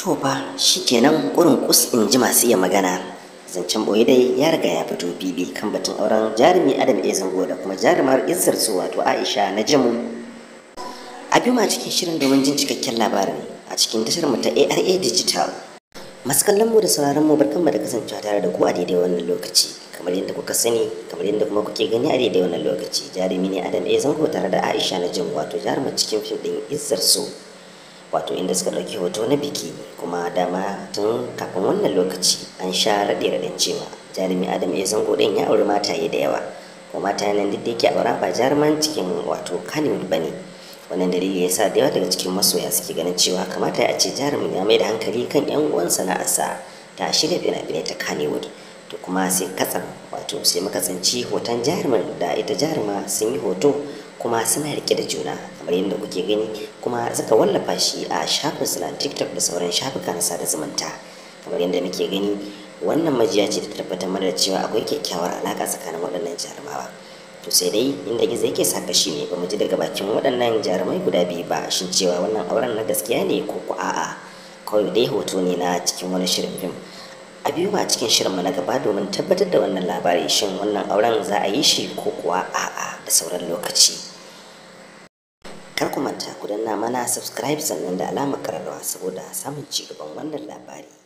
to fa shikenan kurin kus in ji masu iya magana zancen boye dai ya riga ya fito fili kan batun auren jarumi adam a zango da kuma jarumar izzar su wato aisha na jimu a biyu ma cikin shirin domin jin cikakken labarin a cikin tashar mu ta ara digital masu kallon mu da sauraron mu barkan mu da kasancewa tare da ku a daidai wannan lokaci kamar yadda kuka sani kamar yadda kuma kuke gani a daidai wannan lokaci jarumi ne adam a zango tare da aisha na jimu wato jarumar cikin fim din izzar su wato inda suka ɗauki hoto na biki kuma dama tun kafin wannan lokaci an sha raɗe-raɗen cewa jarumi adam ya zango ɗin ya auri mataye da yawa kuma mataye nan duk da yake auren ba jaruman cikin wato kanin ba ne wannan dalili ya sa da yawa daga cikin masoya suke ganin cewa kamata a ce jarumin ya mai da hankali kan yan uwan sana'arsa ta shirya fina-finai ta kanewood to kuma sai katsa wato sai muka tsinci hoton jarumin da ita jaruma sun yi hoto kuma suna rike da juna kamar yadda kuke gani kuma suka wallafa shi a shafinsu na tiktok da sauran shafuka na sada zumunta kamar yadda muke gani wannan majiya ce ta tabbatar mana da cewa akwai kyakkyawar alaƙa tsakanin waɗannan jarumawa to sai dai inda gizo yake sa shi ne ba mu ji daga bakin waɗannan jarumai guda biyu ba shin cewa wannan auren na gaskiya ne ko ko a'a kawai dai hoto ne na cikin wani shirin fim a biyu ba cikin shirin mu na gaba domin tabbatar da wannan labari shin wannan auren za a yi shi ko kuwa a'a da sauran lokaci kar ku manta ku danna mana subscribe sannan da alamar kararrawa saboda samun cigaban wannan labari